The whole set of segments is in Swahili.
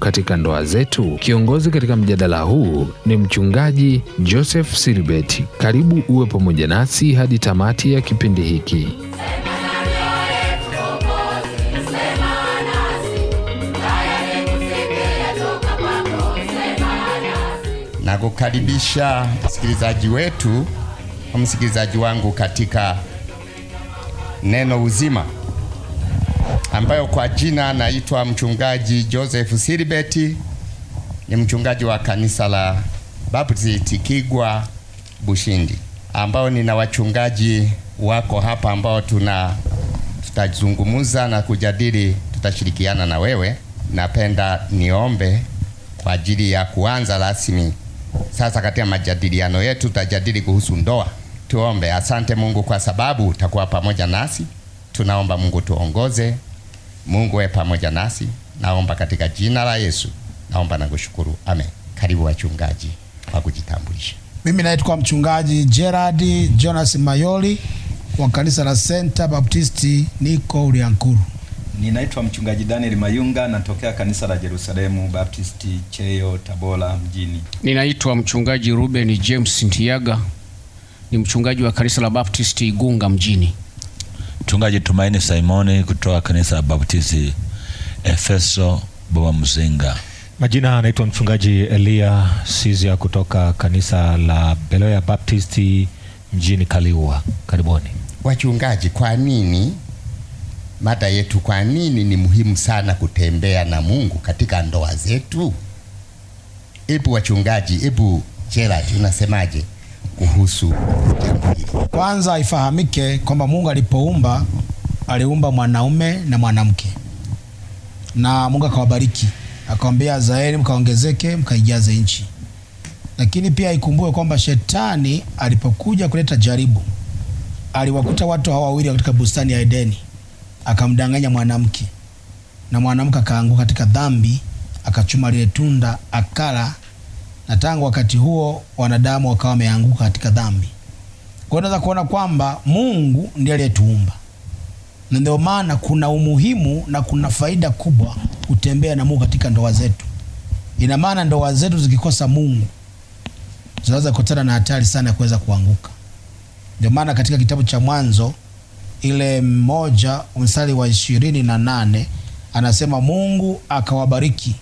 katika ndoa zetu? Kiongozi katika mjadala huu ni mchungaji Joseph Silibeti. Karibu uwe pamoja nasi hadi tamati ya kipindi hiki. na kukaribisha msikilizaji wetu msikilizaji wangu katika neno uzima ambayo kwa jina naitwa mchungaji Joseph Silibeti, ni mchungaji wa kanisa la Baptist Kigwa Bushindi, ambao nina wachungaji wako hapa ambao tuna tutazungumza na kujadili, tutashirikiana na wewe. Napenda niombe kwa ajili ya kuanza rasmi sasa katika majadiliano yetu, tutajadili kuhusu ndoa. Tuombe. Asante Mungu kwa sababu utakuwa pamoja nasi. Tunaomba Mungu tuongoze Mungu we pamoja nasi, naomba katika jina la Yesu, naomba na kushukuru amen. Karibu wachungaji wa kujitambulisha. Mimi naitwa mchungaji Gerard Jonas Mayoli wa kanisa la Center Baptisti, niko Uliankuru. Ninaitwa mchungaji Daniel Mayunga, natokea kanisa la Jerusalemu Baptisti Cheyo, Tabora mjini. Ninaitwa mchungaji Ruben James Ntiaga, ni mchungaji wa kanisa la Baptisti Igunga mjini. Mchungaji Tumaini Simoni kutoka kanisa la Baptisti Efeso Baba Mzinga. Majina anaitwa mchungaji Elia Sizia kutoka kanisa la Beloya Baptisti mjini Kaliua. Karibuni wachungaji. Kwa nini mada yetu, kwa nini ni muhimu sana kutembea na Mungu katika ndoa zetu? Hebu wachungaji, hebu Gerald, unasemaje? kuhusu jambo hili. Kwanza ifahamike kwamba Mungu alipoumba aliumba mwanaume na mwanamke, na Mungu akawabariki akawambia zaeni mkaongezeke, mkaijaze nchi. Lakini pia ikumbuke kwamba shetani alipokuja kuleta jaribu aliwakuta watu hawa wawili katika bustani ya Edeni, akamdanganya mwanamke na mwanamke akaanguka katika dhambi, akachuma lile tunda, akala na tangu wakati huo wanadamu wakawa wameanguka katika dhambi. Kwa hiyo unaweza kuona kwamba Mungu ndiye aliyetuumba, na ndio maana kuna umuhimu na kuna faida kubwa kutembea na Mungu katika ndoa zetu. Ina maana ndoa zetu zikikosa Mungu zinaweza kukutana na hatari sana ya kuweza kuanguka. Ndio maana katika kitabu cha Mwanzo ile mmoja mstari wa ishirini na nane anasema Mungu akawabariki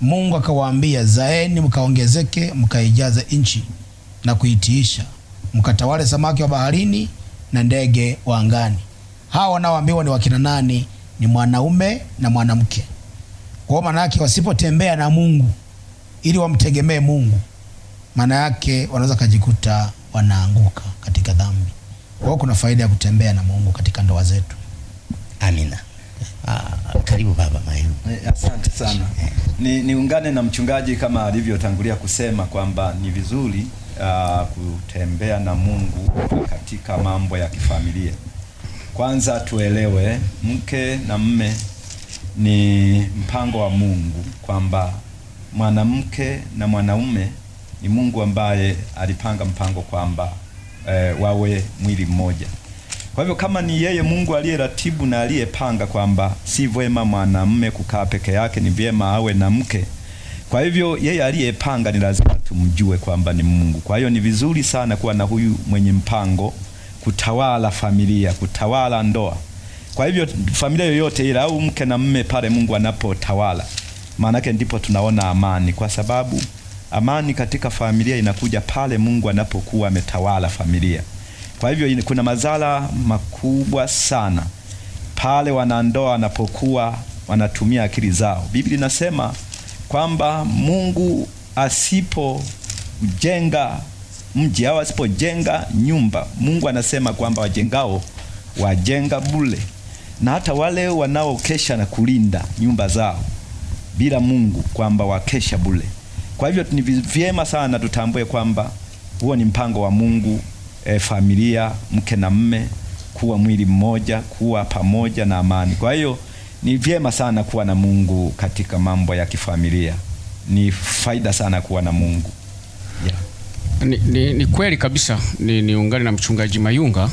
Mungu akawaambia, zaeni mkaongezeke, mkaijaze nchi na kuitiisha, mkatawale samaki wa baharini na ndege wa angani. Hawa wanaoambiwa ni wakina nani? Ni mwanaume na mwanamke. Kwa maana yake wasipotembea na Mungu ili wamtegemee Mungu, maana yake wanaweza kajikuta wanaanguka katika dhambi. Kwa hiyo kuna faida ya kutembea na Mungu katika ndoa zetu. Amina. Ah, karibu baba Mahiu. Eh, asante sana. Eh. Ni, niungane na mchungaji kama alivyotangulia kusema kwamba ni vizuri uh, kutembea na Mungu katika mambo ya kifamilia. Kwanza tuelewe mke na mme ni mpango wa Mungu kwamba mwanamke na mwanaume ni Mungu ambaye alipanga mpango kwamba eh, wawe mwili mmoja. Kwa hivyo kama ni yeye Mungu aliye ratibu na aliyepanga kwamba si vyema mwanamume kukaa peke yake, ni vyema awe na mke. Kwa hivyo yeye aliyepanga ni lazima tumjue kwamba ni Mungu. Kwa hiyo ni vizuri sana kuwa na huyu mwenye mpango kutawala familia, kutawala ndoa. Kwa hivyo familia yoyote ile au mke na mme, pale Mungu anapotawala, maana yake ndipo tunaona amani, kwa sababu amani katika familia inakuja pale Mungu anapokuwa ametawala familia. Kwa hivyo kuna madhara makubwa sana pale wanandoa wanapokuwa wanatumia akili zao. Biblia inasema kwamba Mungu asipojenga mji au asipojenga nyumba, Mungu anasema kwamba wajengao wajenga bule, na hata wale wanaokesha na kulinda nyumba zao bila Mungu kwamba wakesha bule. Kwa hivyo ni vyema sana tutambue kwamba huo ni mpango wa Mungu e, familia, mke na mme, kuwa mwili mmoja, kuwa pamoja na amani. Kwa hiyo ni vyema sana kuwa na Mungu katika mambo ya kifamilia, ni faida sana kuwa na Mungu yeah. Ni, ni, ni kweli kabisa ni, ni na mchungaji Mayunga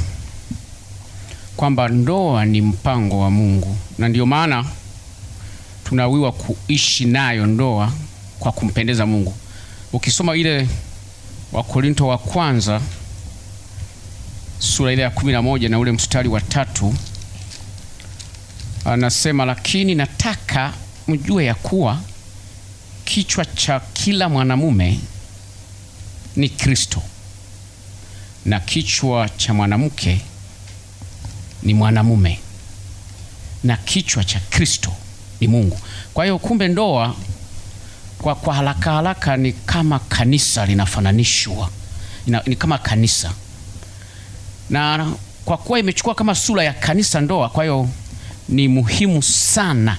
kwamba ndoa ni mpango wa Mungu na ndio maana tunawiwa kuishi nayo ndoa kwa kumpendeza Mungu. Ukisoma ile Wakorinto wa kwanza sura ile ya kumi na moja na ule mstari wa tatu anasema, lakini nataka mjue ya kuwa kichwa cha kila mwanamume ni Kristo na kichwa cha mwanamke ni mwanamume na kichwa cha Kristo ni Mungu. Kwa hiyo kumbe, ndoa kwa, kwa haraka haraka ni kama kanisa linafananishwa, ni kama kanisa na kwa kuwa imechukua kama sura ya kanisa ndoa, kwa hiyo ni muhimu sana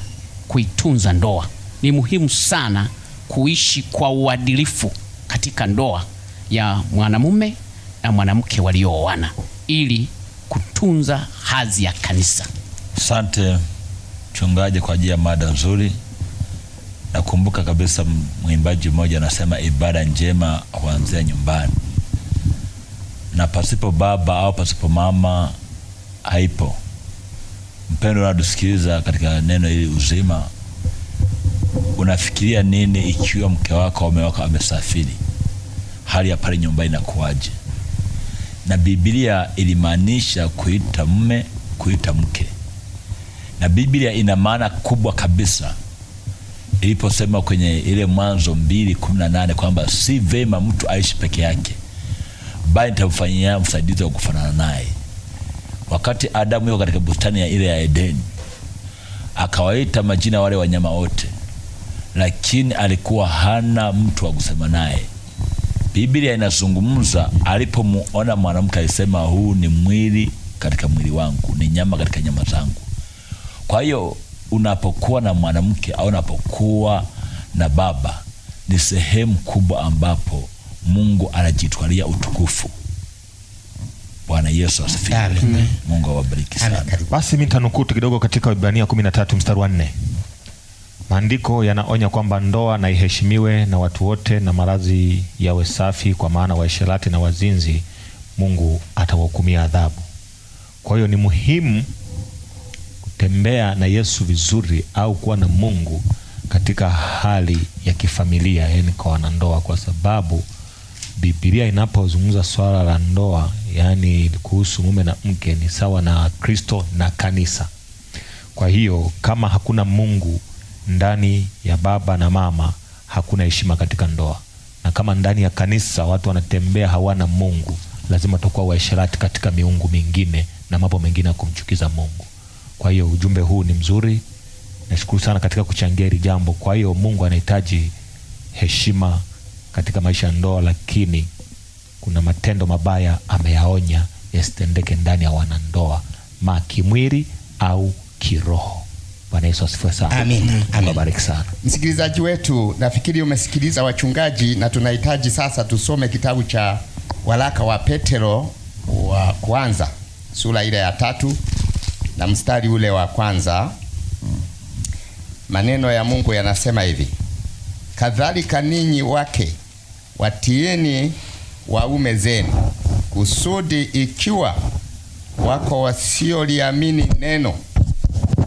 kuitunza ndoa, ni muhimu sana kuishi kwa uadilifu katika ndoa ya mwanamume na mwanamke waliooana ili kutunza hadhi ya kanisa. Asante mchungaji kwa ajili ya mada nzuri. Nakumbuka kabisa mwimbaji mmoja anasema ibada njema huanzia nyumbani na pasipo baba au pasipo mama haipo. Mpendo unatusikiliza katika neno hili uzima, unafikiria nini ikiwa mke wako au mume wako amesafiri? Hali ya pale nyumbani inakuwaje? Na Biblia ilimaanisha kuita mume, kuita mke, na Biblia ina maana kubwa kabisa iliposema kwenye ile Mwanzo mbili kumi na nane kwamba si vema mtu aishi peke yake bali nitamfanyia msaidizi wa kufanana naye. Wakati Adamu yuko katika bustani ya ile ya Edeni, akawaita majina wale wanyama wote, lakini alikuwa hana mtu wa kusema naye. Biblia inazungumza alipomuona mwanamke alisema, huu ni mwili katika mwili wangu, ni nyama katika nyama zangu. Kwa hiyo unapokuwa na mwanamke au unapokuwa na baba, ni sehemu kubwa ambapo Mungu anajitwalia utukufu. Bwana Yesu asifiwe. Amen. Mungu awabariki sana. Basi mimi nitanukuu kidogo katika Ibrania 13 mstari wa 4. Maandiko yanaonya kwamba ndoa na iheshimiwe na watu wote na maradhi yawe safi, kwa maana waisharati na wazinzi Mungu atawahukumia adhabu. Kwa hiyo ni muhimu kutembea na Yesu vizuri au kuwa na Mungu katika hali ya kifamilia, yani kwa wanandoa, kwa sababu Biblia inapozungumza swala la ndoa, yaani kuhusu mume na mke, ni sawa na Kristo na kanisa. Kwa hiyo kama hakuna Mungu ndani ya baba na mama, hakuna heshima katika ndoa, na kama ndani ya kanisa watu wanatembea hawana Mungu, lazima watakuwa waisharati katika miungu mingine na mambo mengine ya kumchukiza Mungu. Kwa hiyo ujumbe huu ni mzuri, nashukuru sana katika kuchangia hili jambo. Kwa hiyo Mungu anahitaji heshima katika maisha ya ndoa, lakini kuna matendo mabaya ameyaonya yasitendeke ndani ya wanandoa, ma kimwili au kiroho. Bwana Yesu asifiwe sana. Amen. Amen. Sana. Msikilizaji wetu, nafikiri umesikiliza wachungaji, na tunahitaji sasa tusome kitabu cha waraka wa Petero wa kwanza sura ile ya tatu na mstari ule wa kwanza. Maneno ya Mungu yanasema hivi: kadhalika ninyi wake watiini waume zenu, kusudi ikiwa wako wasioliamini neno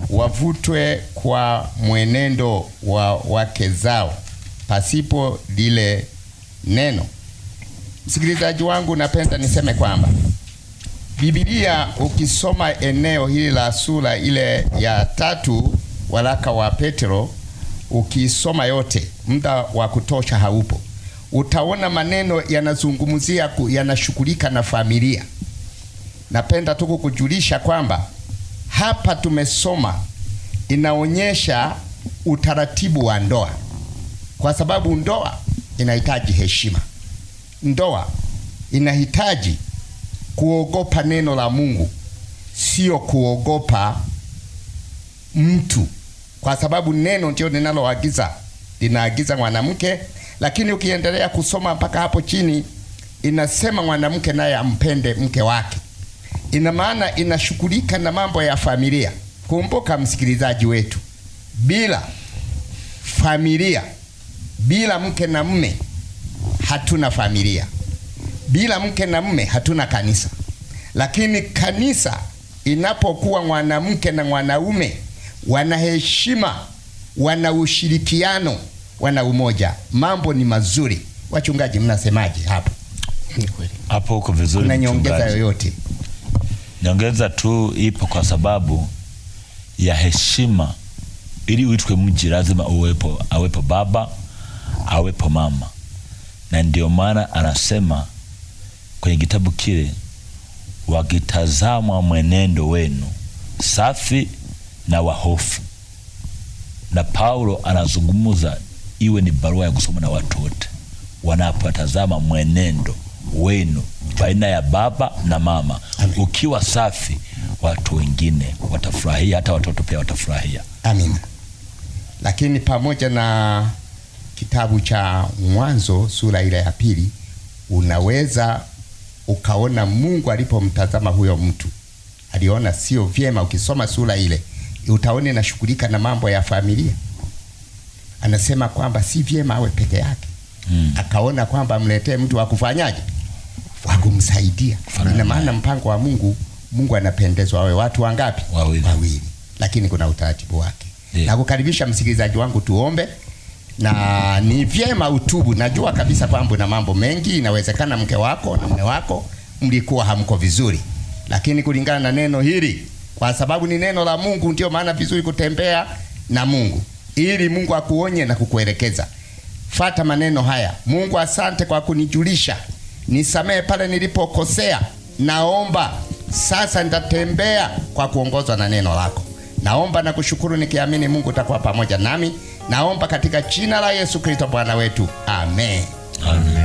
wavutwe kwa mwenendo wa wake zao pasipo lile neno. Msikilizaji wangu, napenda niseme kwamba Biblia ukisoma eneo hili la sura ile ya tatu waraka wa Petro, ukisoma yote, muda wa kutosha haupo, utaona maneno yanazungumzia yanashughulika na familia. Napenda tu kukujulisha kwamba hapa tumesoma inaonyesha utaratibu wa ndoa, kwa sababu ndoa inahitaji heshima, ndoa inahitaji kuogopa neno la Mungu, sio kuogopa mtu, kwa sababu neno ndio linaloagiza, linaagiza mwanamke lakini ukiendelea kusoma mpaka hapo chini inasema mwanamke naye ampende mke wake. Ina maana inashughulika na mambo ya familia. Kumbuka msikilizaji wetu, bila familia, bila mke na mme hatuna familia, bila mke na mme hatuna kanisa. Lakini kanisa inapokuwa mwanamke na mwanaume wana heshima, wana ushirikiano wana umoja, mambo ni mazuri. Wachungaji, mnasemaje hapo? Hapo uko vizuri. Kuna nyongeza yoyote? Nyongeza tu ipo kwa sababu ya heshima. Ili uitwe mji lazima uwepo, awepo baba awepo mama, na ndio maana anasema kwenye kitabu kile, wakitazama mwenendo wenu safi na wahofu. Na Paulo anazungumza iwe ni barua ya kusoma na watu wote wanapotazama mwenendo wenu baina ya baba na mama. Amin. Ukiwa safi, watu wengine watafurahia, hata watoto pia watafurahia. Amin. Lakini pamoja na kitabu cha Mwanzo sura ile ya pili, unaweza ukaona Mungu alipomtazama huyo mtu aliona sio vyema. Ukisoma sura ile utaone nashughulika na mambo ya familia anasema kwamba si vyema awe peke yake mm. akaona kwamba mletee mtu wa kufanyaje wa kumsaidia. Ina maana mpango wa Mungu, Mungu anapendezwa awe watu wangapi? Wawili, wawili, lakini kuna utaratibu wake yeah. na kukaribisha msikilizaji wangu, tuombe na ni vyema utubu. Najua kabisa kwamba na mambo mengi, inawezekana mke wako na mume wako mlikuwa hamko vizuri, lakini kulingana na neno hili, kwa sababu ni neno la Mungu, ndio maana vizuri kutembea na Mungu ili Mungu akuonye na kukuelekeza. Fata maneno haya. Mungu, asante kwa kunijulisha, nisamehe pale nilipokosea. Naomba sasa nitatembea kwa kuongozwa na neno lako. Naomba na kushukuru nikiamini Mungu utakuwa pamoja nami. Naomba katika jina la Yesu Kristo Bwana wetu, amen, amen.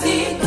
melody